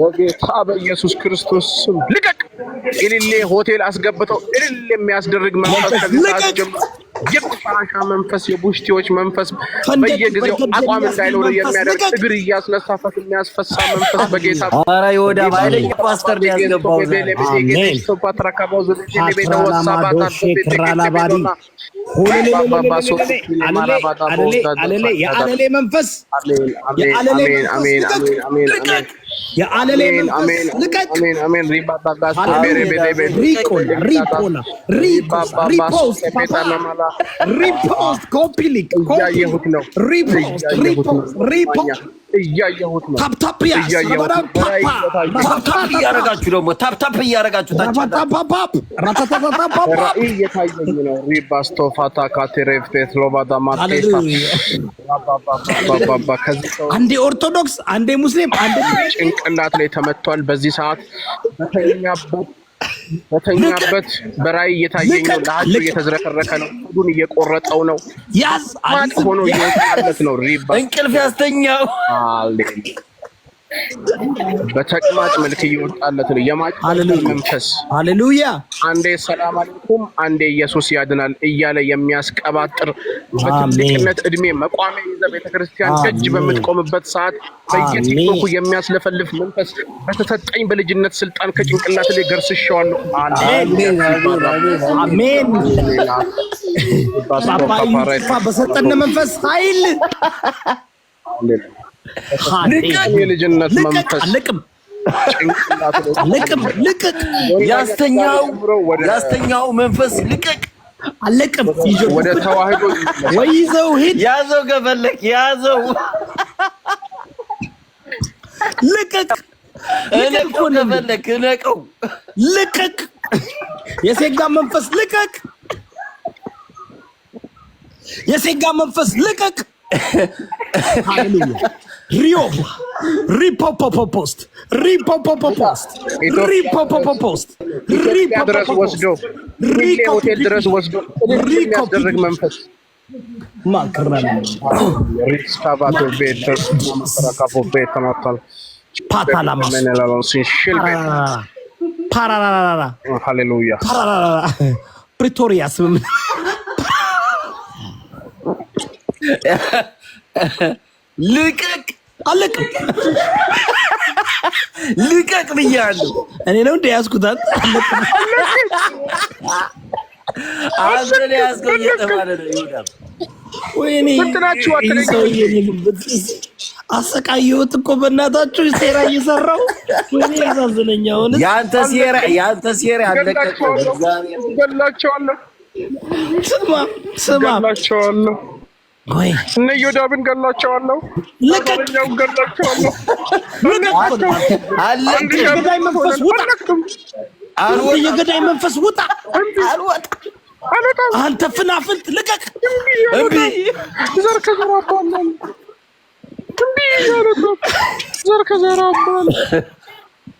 በጌታ በኢየሱስ ክርስቶስ ስም ልቀቅ! እልሌ ሆቴል አስገብተው እልል የሚያስደርግ መንፈስ ከዚህ ሰዓት መንፈስ፣ የቡሽቲዎች መንፈስ በየጊዜው አቋም እንዳይኖር የሚያደርግ እግር እያስነሳፈት የሚያስፈሳ መንፈስ በጌታ ኧረ ይወዳ ባይለኝ ፓስተር ያስገባው አሜን። የአለሌ መንፈስ እያየሁት ነው። ታፕታፕ እያረጋችሁ ደግሞ ታፕታፕ እያረጋችሁ ራእይ እየታየኝ ነው። ሪባስቶፋታ ካቴሬፍቴት ሎባዳማ አንዴ ኦርቶዶክስ፣ አንዴ ሙስሊም፣ አንዴ ጭንቅላት ላይ ተመቷል። በዚህ ሰዓት በተኛበት በተኛበት በራይ እየታየኝ ነው። ለሀጩ እየተዝረከረከ ነው። ሁዱን እየቆረጠው ነው። ያዝ ሆኖ እየወጣለት ነው። እንቅልፍ ያስተኛው በተቅማጭ መልክ እየወጣለት ነው። የማጭ መንፈስ ሃሌሉያ! አንዴ ሰላም አለይኩም፣ አንዴ ኢየሱስ ያድናል እያለ የሚያስቀባጥር በትልቅነት እድሜ መቋሚያ ይዘ ቤተክርስቲያን ደጅ በምትቆምበት ሰዓት በየቲክቶኩ የሚያስለፈልፍ መንፈስ በተሰጠኝ በልጅነት ስልጣን ከጭንቅላት ላይ ገርስሼዋለሁ። አሜን። መንፈስ ኃይል የልጅነት መንፈስ አለቅም ልቅቅ፣ ያስተኛው ያስተኛው መንፈስ ልቅቅ፣ አለቅም። ወደ ተዋህዶ ወይ ሂድ፣ ያዘው፣ ገፈለክ ያዘው፣ ልቅቅ፣ እነቀው፣ ገፈለክ እነቀው፣ ልቅቅ፣ የሴጋ መንፈስ ልቅቅ፣ የሴጋ መንፈስ ልቅቅ። ሃሌሉያ Riola, ripopopopost, ripopopopost, ripopopopost, ripoፖፖፖስት ሆቴል ድረስ ወስዶ የሚያስደርግ መንፈስ ሃሌሉያ ፕሪቶሪያ ስምምነት ልቀቅ አለቅም ልቀቅ ብያለሁ። እኔ ነው እንደ ያዝኩታት አንተ አሰቃየሁት እኮ በእናታችሁ ሴራ እየሰራው ወይኔ ያሳዝነኛ። ሴራ ያንተ ሴራ አለቀቀው። ስማ ስማ ወይ እነ ዮዳብን ገላቸዋለሁ፣ ለቀኛው ገላቸዋለሁ። የገዳይ መንፈስ ውጣ! የገዳይ መንፈስ ውጣ! አልወጣም። አንተ ፍናፍልት ልቀቅ! እምቢ ዘር ከዘራ አባል ዘር ከዘራ አባል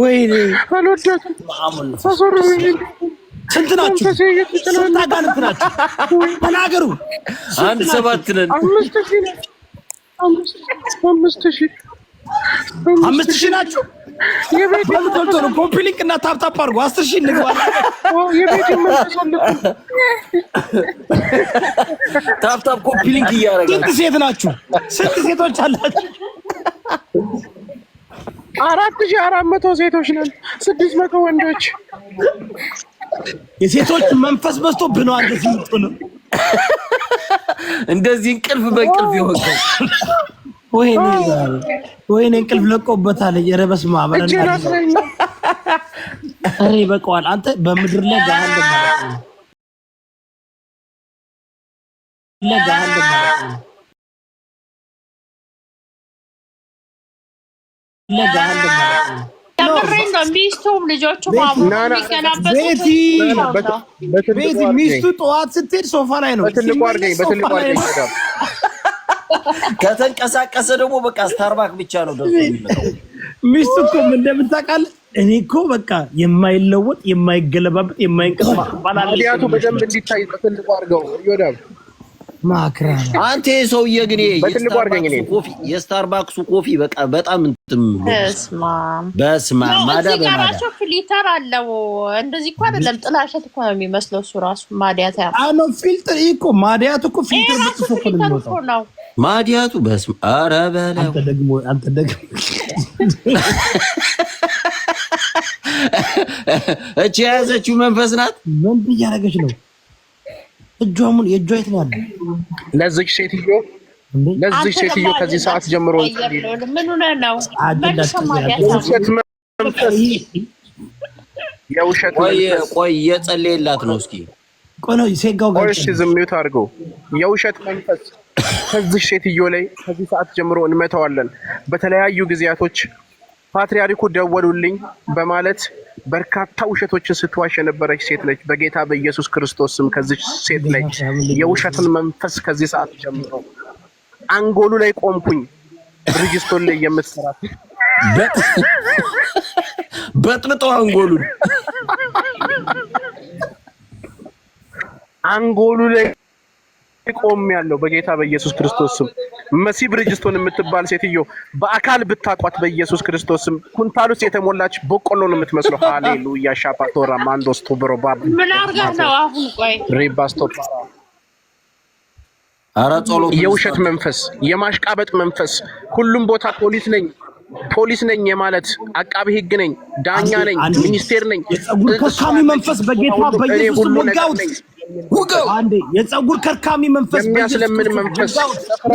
ወይኔ አልወዳትም። ስንት ናችሁ? ስንት አጋንንት ናችሁ? ተናገሩ። አንድ ሰባት ነን። አምስት ሺህ ናችሁ። ኮፒ ሊንክ እና ታፕታፕ አድርጎ አስር ሺህ እንግባ። ታፕታፕ ኮፒ ሊንክ እያደረገ ስንት ሴት ናችሁ? ስንት ሴቶች አላችሁ? አራት ሺህ አራት መቶ ሴቶች ነን፣ ስድስት መቶ ወንዶች። የሴቶች መንፈስ በዝቶ ብነው እንደዚህ ምጡ ነው እንደዚህ እንቅልፍ በእንቅልፍ ይወቀ ወይኔ ወይኔ እንቅልፍ ለቆበታል። ኧረ በስመ አብ ኧረ ይበቃዋል። አንተ በምድር ላይ ጋር ለጋር ሚስቱ ጠዋት ስትሄድ ሶፋ ላይ ነው። ከተንቀሳቀሰ ደግሞ በቃ ስታርባክ ብቻ ነው። ሚስቱ እኮ እንደምታውቃለህ፣ እኔ እኮ በቃ የማይለወጥ የማይገለባበጥ የማይንቀሳቀስ ባላለ በደንብ እንዲታይ በትልቁ አድርገው አንተ ሰውዬ ግን የስታርባክሱ ኮፊ በቃ በጣም እንትም በስማ ማዳ በማዳ ፊልተር አለው። እንደዚህ እኮ አይደለም፣ ጥላሸት እኮ ነው የሚመስለው። እሱ ራሱ ማዲያት ያ አኖ ፊልተር እኮ ማዲያት እኮ ፊልተር ብትጽፎ እኮ ነው ማዲያቱ። በስማ ኧረ በለው አንተ ደግሞ አንተ ደግሞ እቺ የያዘችው መንፈስ ናት። ምን ብያረገች ነው እጇ ሙሉ የእጇ የት ነው ያለው? ለዚህ ሴትዮ ለዚህ ሴትዮ ከዚህ ሰዓት ጀምሮ ምን ሆነህ ነው? የውሸት ቆይ የጸለየላት ነው። እስኪ ሴጋው ጋር የውሸት መንፈስ ከዚህ ሴትዮ ላይ ከዚህ ሰዓት ጀምሮ እንመታዋለን በተለያዩ ጊዜያቶች ፓትርያርኩ ደወሉልኝ በማለት በርካታ ውሸቶችን ስትዋሽ የነበረች ሴት ነች። በጌታ በኢየሱስ ክርስቶስ ስም ከዚች ሴት ነች የውሸትን መንፈስ ከዚህ ሰዓት ጀምሮ አንጎሉ ላይ ቆምኩኝ። ሪጅስቶን ላይ የምትሰራ በጥብጦ አንጎሉን አንጎሉ ላይ ቆም ያለው በጌታ በኢየሱስ ክርስቶስ ስም መሲ ብሪጅስቶን የምትባል ሴትዮ በአካል ብታቋት በኢየሱስ ክርስቶስም ኩንታሉስ የተሞላች በቆሎ ነው የምትመስለው። ሃሌሉያ ሻፓቶራ ማንዶስቶ ብሮባ ባብ የውሸት መንፈስ፣ የማሽቃበጥ መንፈስ ሁሉም ቦታ ፖሊስ ነኝ ፖሊስ ነኝ የማለት አቃቢ ህግ ነኝ ዳኛ ነኝ ሚኒስቴር ነኝ መንፈስ በጌታ በኢየሱስ ሁሉ ውገው። አንዴ ከርካሚ መንፈስ የሚያስለምን መንፈስ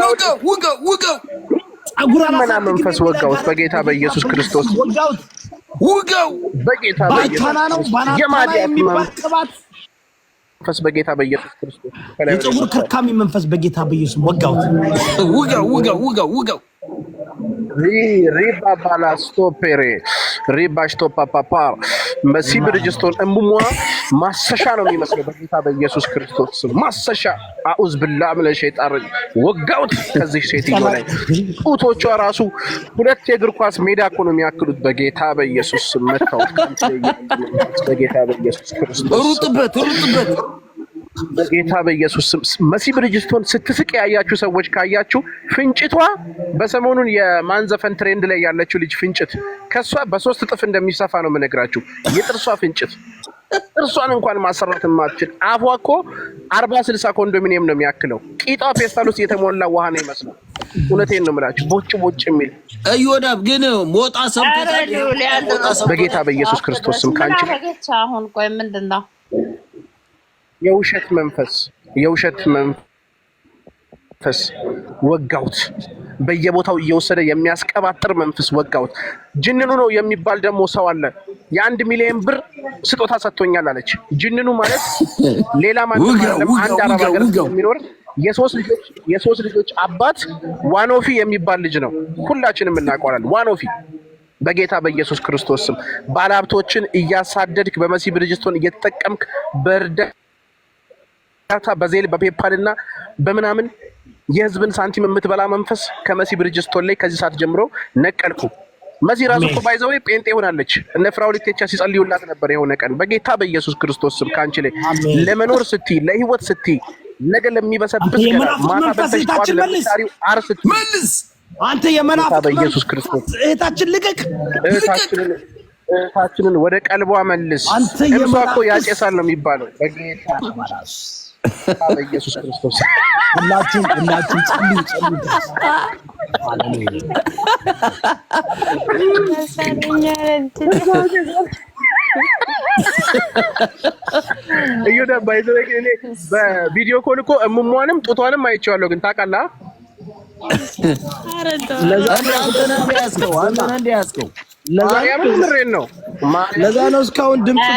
ውገው፣ ውገው፣ ውገው። መንፈስ ወጋውት በጌታ በኢየሱስ ክርስቶስ ወጋውት፣ ውገው። በጌታ ነው የሚባል ቅባት መንፈስ በጌታ በኢየሱስ ክርስቶስ የጸጉር ከርካሚ መንፈስ በጌታ በኢየሱስ ወጋውት፣ ውገው፣ ውገው፣ ውገው፣ ውገው riba bala stoppere riba stoppa ፓፓር መሲብ ርጅስቶን እምሟ ማሰሻ ነው የሚመስለው በጌታ በኢየሱስ ክርስቶስ ማሰሻ አኡዝ ብላ ምለ ሸይጣን ወጋውት ከዚህ ሴትዮ ላይ ጡቶቿ ራሱ ሁለት የእግር ኳስ ሜዳ እኮ ነው የሚያክሉት። በጌታ በኢየሱስ መታወት በጌታ በኢየሱስ ክርስቶስ ሩጥበት ሩጥበት በጌታ በኢየሱስ ስም መሲ ብርጅስቶን ስትስቅ ያያችሁ ሰዎች ካያችሁ ፍንጭቷ በሰሞኑን የማንዘፈን ትሬንድ ላይ ያለችው ልጅ ፍንጭት ከሷ በሶስት እጥፍ እንደሚሰፋ ነው የምነግራችሁ። የጥርሷ ፍንጭት ጥርሷን እንኳን ማሰራት የማትችል አፏ እኮ አርባ ስልሳ ኮንዶሚኒየም ነው የሚያክለው። ቂጧ ፌስታል ውስጥ የተሞላ ውሃ ነው ይመስለው። እውነቴን ነው የምላችሁ። ቦጭ ቦጭ የሚል እዮዳብ ግን ሞጣ ሰምቶታል። በጌታ በኢየሱስ ክርስቶስ ስም ከአንቺ አሁን ቆይ ምንድን ነው የውሸት መንፈስ የውሸት መንፈስ ወጋውት። በየቦታው እየወሰደ የሚያስቀባጥር መንፈስ ወጋውት። ጅንኑ ነው የሚባል ደግሞ ሰው አለ። የአንድ ሚሊዮን ብር ስጦታ ሰጥቶኛል አለች። ጅንኑ ማለት ሌላ ማለት አንድ አረብ ሀገር የሚኖር የሶስት ልጆች አባት ዋኖፊ የሚባል ልጅ ነው። ሁላችንም እናውቀዋለን። ዋኖፊ በጌታ በኢየሱስ ክርስቶስ ስም ባለሀብቶችን እያሳደድክ በመሲ ብርጅስቶን እየተጠቀምክ በእርዳ እርዳታ በዜል በፔፓል እና በምናምን የህዝብን ሳንቲም የምትበላ መንፈስ ከመሲ ብርጅስቶን ላይ ከዚህ ሰዓት ጀምሮ ነቀልኩ። መሲ ራሱ እኮ ባይዘው ጴንጤ ሆናለች። እነ ፍራውሊት ቴቻ ሲጸልዩላት ነበር የሆነ ቀን። በጌታ በኢየሱስ ክርስቶስ ስም ከአንቺ ላይ ለመኖር ስቲ ለህይወት ስቲ ነገ ለሚበሰብስ ማታ በልተሽ አር ስቲ አንተ የመናፍቅ በኢየሱስ ክርስቶስ እህታችን ልቀቅ፣ እህታችንን ወደ ቀልቧ መልስ። እሷ እኮ ያጨሳል ነው የሚባለው በጌታ በኢየሱስ ክርስቶስ ሁላችን ሁላችን ጸልዩ ጸልዩ። እዩዳ በቪዲዮ ኮል እኮ እምሟንም ጡቷንም አይቼዋለሁ። ግን ታውቃለህ ለዛ አንተ ነህ ያዝከው፣ አንተ ምሬን ነው ለዛ ነው እስካሁን ድምፅ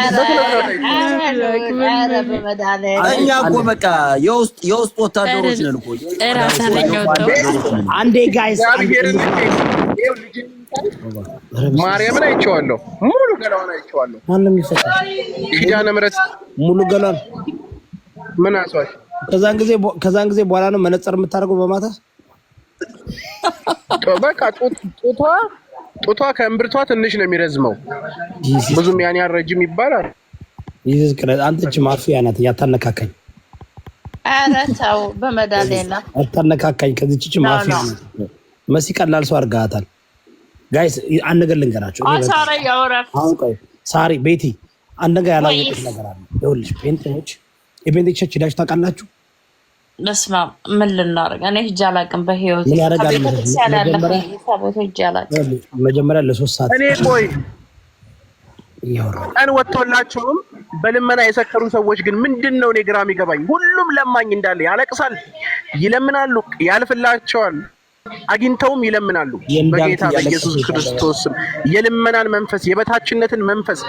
እኛ እኮ በቃ የውስጥ ወታደሮች ነን እኮ። አንዴ ጋይስ ማርያምን አይቼዋለሁ፣ ሙሉ ገላዋን አይቼዋለሁ። ኪዳነ ምሕረት ሙሉ ገላዋን ምን አስዋሽ? ከዛን ጊዜ ከዛን ጊዜ በኋላ ነው መነጽር የምታደርገው በማታ በቃ ጡቷ ጡቷ ከእምብርቷ ትንሽ ነው የሚረዝመው። ብዙም ያን ያህል ረጅም ይባላል። ይህ እጅ ማፊያ ናት። ያታነካካኝ ኧረ ተው በመዳሌላ ያታነካካኝ። ከዚች ማፊያ መሲ ቀላል ሰው አድርገሃታል። ጋይስ አንድ ነገር ልንገራቸው። ሳሪ ቤቲ አንድ ነገር ያላወቁት ነገር አለ። ይኸውልሽ ጴንጤዎች የጴንጤ ቸርች ሄዳችሁ ታውቃላችሁ? በስመ አብ ምን ልናደርግ? እኔ ሂጅ አላውቅም። በህይወት መጀመሪያ ለሶስት ሰዓት እኔ ቆይ ቀን ወጥቶላቸውም በልመና የሰከሩ ሰዎች ግን ምንድን ነው እኔ ግራም ይገባኝ። ሁሉም ለማኝ እንዳለ ያለቅሳል፣ ይለምናሉ፣ ያልፍላቸዋል። አግኝተውም ይለምናሉ። በጌታ በኢየሱስ ክርስቶስም የልመናን መንፈስ የበታችነትን መንፈስ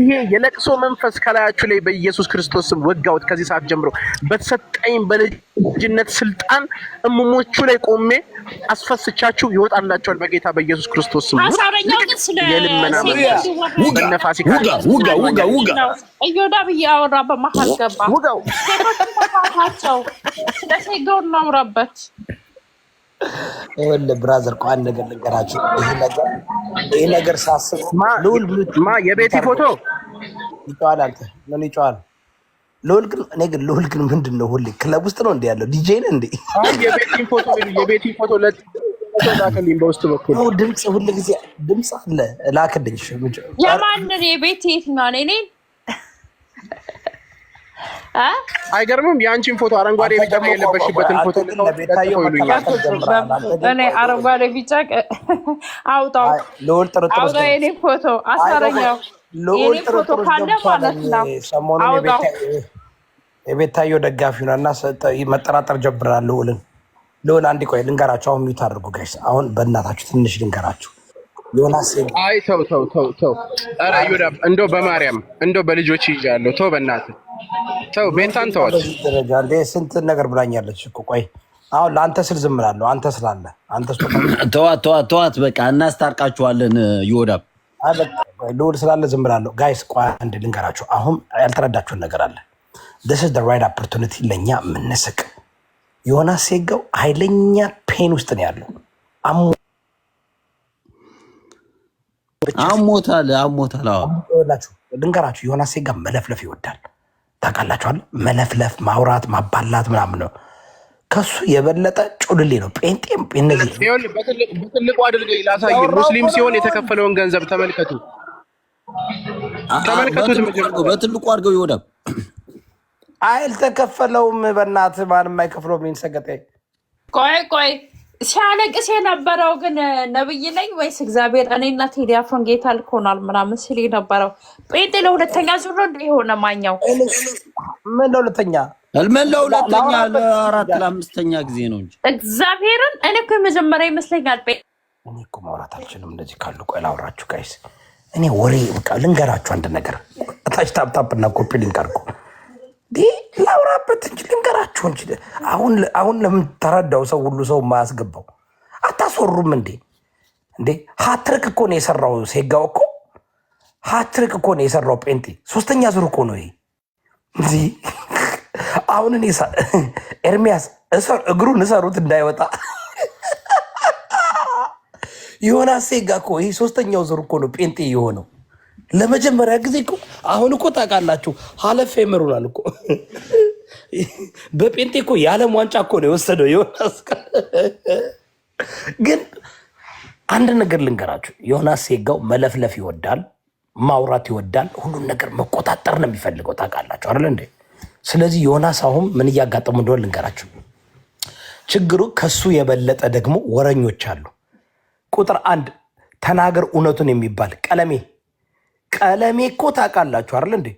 ይሄ የለቅሶ መንፈስ ከላያችሁ ላይ በኢየሱስ ክርስቶስም ወጋውት። ከዚህ ሰዓት ጀምሮ በተሰጠኝ በልጅነት ስልጣን እሙሞቹ ላይ ቆሜ አስፈስቻችሁ ይወጣላቸዋል። በጌታ በኢየሱስ ክርስቶስም የልመና መንፈስ በነፋሲ እዮዳብ እያወራ በመሀል ገባ። ሴቶች ተፋታቸው። ስለ ሴጎን ይኸውልህ ብራዘር እኮ አንድ ነገር ልንገራቸው። ይሄ ነገር ይሄ ነገር ሳስብ ማ የቤቲ ፎቶ ይጨዋል። አንተ ምን ይጨዋል? ልውል ግን እኔ ግን ልውል ግን ምንድን ነው ሁሌ ክለብ ውስጥ ነው እንዲ ያለው ዲጄ ነህ እንዴ? የቤቲን ፎቶ የቤቲን ፎቶ ላክልኝ በውስጥ በኩል ድምፅ ሁሉ ጊዜ ድምፅ አለ ላክልኝ። የማንን የቤት የትኛው? እኔ አይገርምም? የአንቺን ፎቶ አረንጓዴ ቢጫ የለበሽበትን ፎቶ እኔ አረንጓዴ ቢጫ አውጣው፣ አውጣው የኔ ፎቶ አሳረኛው የኔ ፎቶ ካለ ማለት ነው። አውጣው የቤታየው ደጋፊ ሆና እና መጠራጠር ጀብራል ልዑልን። ልዑል አንድ ቆይ ልንገራቸው። አሁን ሚዩት አድርጉ ጋይስ። አሁን በእናታችሁ ትንሽ ልንገራችሁ አይ ተው ተው ተው ተው፣ ኧረ ይሁዳ እንደው በማርያም እንደው በልጆች ይዣለሁ። ተው በእናትህ ተው፣ ቤታን ተዋት። ስንት ነገር ብላኛለች እኮ። ቆይ አሁን ለአንተ ስል ዝም እላለሁ። አንተ ስላለ አንተ ተዋት ተዋት ተዋት፣ በቃ እናስታርቃችኋለን። ይሁዳ ልውል ስላለ ዝም እላለሁ። ጋይስ ቆይ አንድ ልንገራችሁ። አሁን ያልተረዳችሁን ነገር አለ። ስ ራይት ኦፖርቹኒቲ ለእኛ የምንስቅ ዮናስ ሴጋው ኃይለኛ ፔን ውስጥ ነው ያለው። አሞታል አሞታል። ልንገራችሁ ዮናስ ጋር መለፍለፍ ይወዳል ታውቃላችኋል። መለፍለፍ፣ ማውራት፣ ማባላት ምናምን ነው። ከሱ የበለጠ ጩልሌ ነው። ጴንጤም እነዚህ በትልቁ አድርገህ ላሳይ። ሙስሊም ሲሆን የተከፈለውን ገንዘብ ተመልከቱ፣ ተመልከቱት። በትልቁ አድርገው ይወዳል። አይ አልተከፈለውም። በእናትህ ማንም አይከፍለውም። ይንሰገጠ ቆይ ቆይ ሲያለቅስ የነበረው ግን ነብይ ነኝ ወይስ እግዚአብሔር? እኔ እና ቴዲ አፍሮን ጌታ ልኮናል ምናምን ሲል የነበረው ጴንጤ ለሁለተኛ ዙር እንደ የሆነ ማኛው ምን ለሁለተኛ ምን ለሁለተኛ ለአራት ለአምስተኛ ጊዜ ነው እንጂ እግዚአብሔርን እኔ እኮ የመጀመሪያ ይመስለኛል። ጴ እኔ እኮ ማውራት አልችልም። እንደዚህ ካሉ ቆይ ላውራችሁ ጋይስ። እኔ ወሬ በቃ ልንገራችሁ አንድ ነገር እታች ታፕታፕ እና ኮፒ ሊንክ አድርጎ ላውራበት እንጂ ልንገራችሁ እንጂ አሁን ለምን ተረዳው? ሰው ሁሉ ሰው ማያስገባው አታስወሩም እንዴ? እንዴ ሀትሪክ እኮ ነው የሰራው ሴጋው እኮ ሀትሪክ እኮ ነው የሰራው ጴንጤ። ሶስተኛ ዙር እኮ ነው ይሄ እንጂ አሁን እኔ ኤርሚያስ እግሩን እሰሩት እንዳይወጣ የሆነ ሴጋ እኮ ይሄ ሶስተኛው ዙር እኮ ነው ጴንጤ የሆነው። ለመጀመሪያ ጊዜ እኮ አሁን እኮ ታውቃላችሁ፣ ሀለፍ የምሩናል እኮ በጴንጤ እኮ የዓለም ዋንጫ እኮ ነው የወሰደው ዮናስ። ግን አንድ ነገር ልንገራችሁ፣ ዮናስ ሴጋው መለፍለፍ ይወዳል፣ ማውራት ይወዳል፣ ሁሉን ነገር መቆጣጠር ነው የሚፈልገው። ታውቃላችሁ አለ እንዴ? ስለዚህ ዮናስ አሁን ምን እያጋጠሙ እንደሆን ልንገራችሁ። ችግሩ ከሱ የበለጠ ደግሞ ወረኞች አሉ። ቁጥር አንድ ተናገር እውነቱን የሚባል ቀለሜ ቀለሜ እኮ ታውቃላችሁ አይደል እንዴ?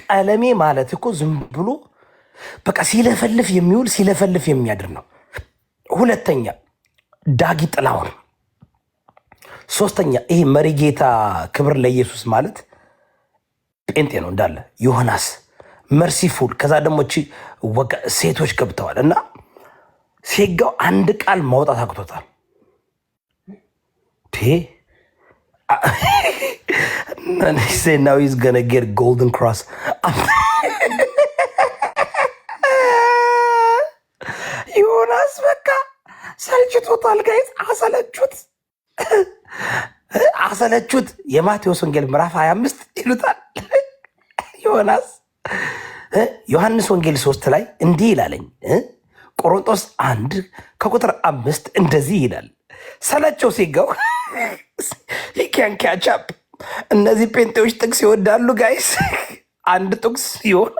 ቀለሜ ማለት እኮ ዝም ብሎ በቃ ሲለፈልፍ የሚውል ሲለፈልፍ የሚያድር ነው። ሁለተኛ ዳጊ ጥላሁን፣ ሶስተኛ ይሄ መሪጌታ ክብር ለኢየሱስ ማለት ጴንጤ ነው እንዳለ ዮሐናስ መርሲፉል። ከዛ ደግሞ ሴቶች ገብተዋል እና ሴጋው አንድ ቃል ማውጣት አቅቶታል። And he said now he's gonna get a golden cross. ዮናስ በቃ ሰልችቶታል። ጋይዝ አሰለቹት፣ አሰለቹት። የማቴዎስ ወንጌል ምዕራፍ 25 ይሉታል ዮናስ። ዮሐንስ ወንጌል ሶስት ላይ እንዲህ ይላለኝ ቆሮንጦስ አንድ ከቁጥር አምስት እንደዚህ ይላል ሰለቸው ሲገው ሂ ካን ካች አፕ እነዚህ ጴንጤዎች ጥቅስ ይወዳሉ ጋይስ። አንድ ጥቅስ ሲሆን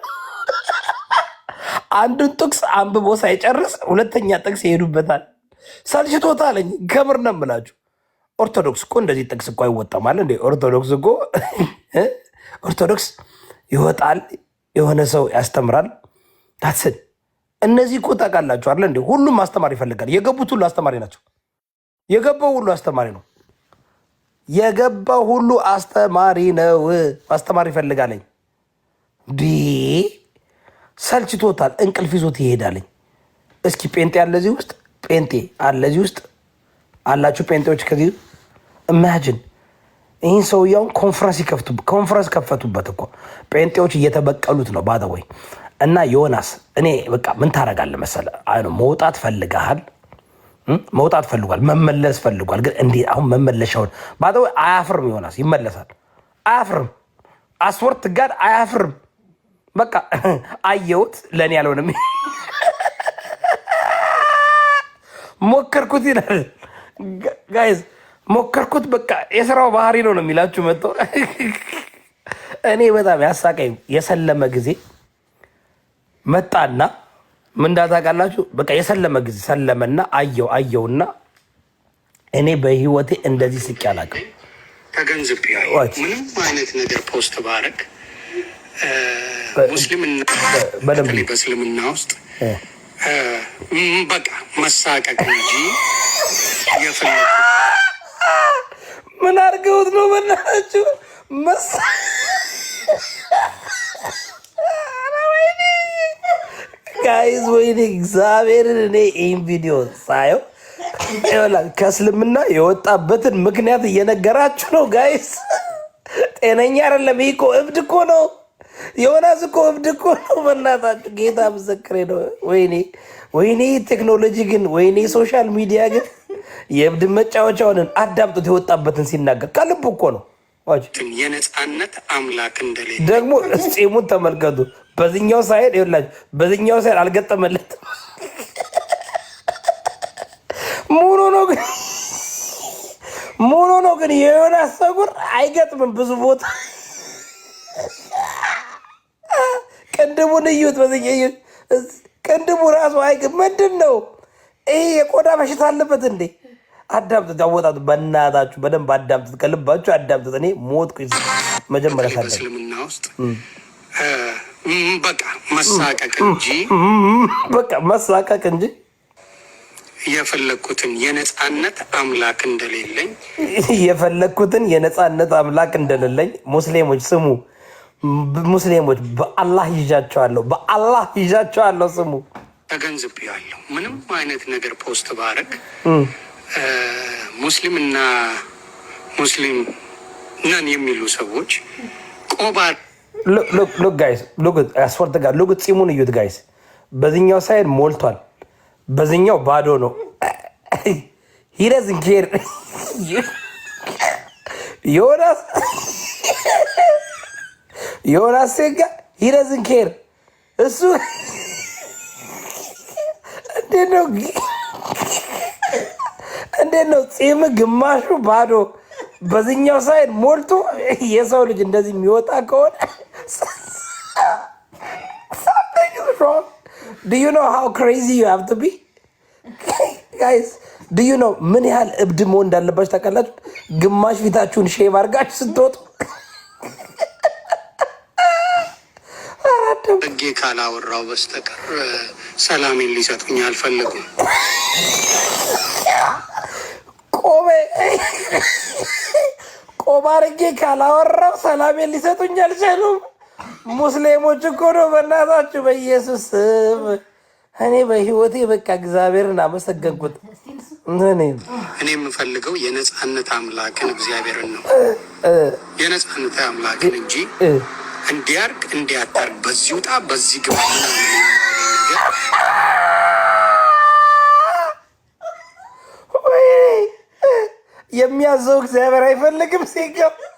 አንዱን ጥቅስ አንብቦ ሳይጨርስ ሁለተኛ ጥቅስ ይሄዱበታል። ሰልችቶታል። ከምር ነው የምላችሁ። ኦርቶዶክስ እኮ እንደዚህ ጥቅስ እኮ አይወጣም አለ እንዴ! ኦርቶዶክስ እኮ ኦርቶዶክስ ይወጣል፣ የሆነ ሰው ያስተምራል። ታስን እነዚህ እኮ ታውቃላችሁ አለ እንዴ! ሁሉም አስተማሪ ይፈልጋል። የገቡት ሁሉ አስተማሪ ናቸው። የገባው ሁሉ አስተማሪ ነው። የገባ ሁሉ አስተማሪ ነው። ማስተማር ይፈልጋለኝ። ዲ ሰልችቶታል፣ እንቅልፍ ይዞት ይሄዳለኝ። እስኪ ጴንጤ አለ እዚህ ውስጥ ጴንጤ አለ እዚህ ውስጥ አላችሁ ጴንጤዎች። ከዚህ ኢማጅን ይህን ሰውየውን ኮንፈረንስ ኮንፈረንስ ከፈቱበት እኮ ጴንጤዎች እየተበቀሉት ነው ባደወይ እና ዮናስ እኔ በቃ ምን ታደርጋለህ መሰለህ መውጣት ፈልገሃል መውጣት ፈልጓል፣ መመለስ ፈልጓል። ግን እንዴት አሁን መመለሻውን ባተ አያፍርም፣ ዮናስ ይመለሳል። አያፍርም፣ አስወርት ጋር አያፍርም። በቃ አየሁት፣ ለእኔ ያልሆንም ሞከርኩት ይላል። ጋይዝ ሞከርኩት፣ በቃ የስራው ባህሪ ነው ነው የሚላችሁ መጥቶ እኔ በጣም ያሳቀኝ የሰለመ ጊዜ መጣና ምን እንዳታውቃላችሁ፣ በቃ የሰለመ ጊዜ ሰለመና አየው አየውና እኔ በህይወቴ እንደዚህ ስቄ አላውቅም። ተገንዝብ ምንም አይነት ነገር ፖስት ባረግ ሙስሊምና በእስልምና ውስጥ በቃ መሳቀቅ እንጂ ምን አድርገውት ነው በናችሁ መሳ ጋይዝ ወይኔ እግዚአብሔርን እኔ ይህን ቪዲዮ ሳየው ከእስልምና የወጣበትን ምክንያት እየነገራችሁ ነው ጋይዝ። ጤነኛ አይደለም። ይህ እኮ እብድ እኮ ነው። ዮናስ እኮ እብድ እኮ ነው። በእናታችሁ ጌታ ምስክሬ ነው። ወይኔ ወይኔ፣ ቴክኖሎጂ ግን ወይኔ፣ ሶሻል ሚዲያ ግን የእብድ መጫወቻውንን አዳምጡት። የወጣበትን ሲናገር ከልቡ እኮ ነው። የነፃነት አምላክ እንደሌለ ደግሞ ጺሙን ተመልከቱ። በዚኛው ሳይድ ይላችሁ በዚኛው ሳይድ አልገጠመለት ሙሉ ነው ግን ሙሉ ነው ግን የዮናስ ፀጉር አይገጥምም ብዙ ቦታ። ቅንድቡን እዩት፣ በዚህ እዩት። ቅንድቡ ራሱ አይግ ምንድን ነው ይሄ? የቆዳ በሽታ አለበት እንዴ? አዳምጡት፣ አወጣቱ በእናታችሁ በደንብ አዳምጡት፣ ከልባችሁ አዳምጡት። እኔ ሞት መጀመሪያ ሳለ ውስጥ በቃ መሳቀቅ እንጂ በቃ መሳቀቅ እንጂ የፈለግኩትን የነጻነት አምላክ እንደሌለኝ የፈለግኩትን የነጻነት አምላክ እንደሌለኝ። ሙስሊሞች ስሙ፣ ሙስሊሞች በአላህ ይዣቸዋለሁ፣ በአላህ ይዣቸዋለሁ። ስሙ፣ ተገንዝቤያለሁ። ምንም አይነት ነገር ፖስት ባረግ ሙስሊምና ሙስሊም ነን የሚሉ ሰዎች ቆባ ጋይስ አስወርተ ጋር እዩት ጋይስ። በዚኛው ሳይድ ሞልቷል፣ በዚኛው ባዶ ነው። ሂደዝን ኬር ዮናስ ሴጋ ሂደዝን ኬር እሱ እንዴት ነው እንዴት ነው ፂም ግማሹ ባዶ፣ በዚኛው ሳይድ ሞልቶ የሰው ልጅ እንደዚህ የሚወጣ ከሆነ ዱ ዩ ኖ ሃው ክሬዚ ዩ ሃቭ ቱ ቢ ጋይስ ዱ ዩ ኖ ምን ያህል እብድ መሆን እንዳለባችሁ ታውቃላችሁ? ግማሽ ፊታችሁን ሼቭ አድርጋችሁ ስትወጡ ህጌ ካላወራው በስተቀር ሰላሜን ሊሰጡኝ አልፈለጉም። ቆሜ ቆማ ካላወራው ሰላሜን ሊሰጡኝ አልቻሉም። ሙስሊሞች እኮ ነው በእናታችሁ በኢየሱስ ስም። እኔ በህይወቴ በቃ እግዚአብሔርን አመሰገንኩት። እኔ የምፈልገው የነፃነት አምላክን እግዚአብሔርን ነው የነፃነት አምላክን እንጂ እንዲያርግ እንዲያታርግ በዚህ ውጣ በዚህ ግባ የሚያዘው እግዚአብሔር አይፈልግም ሲገባ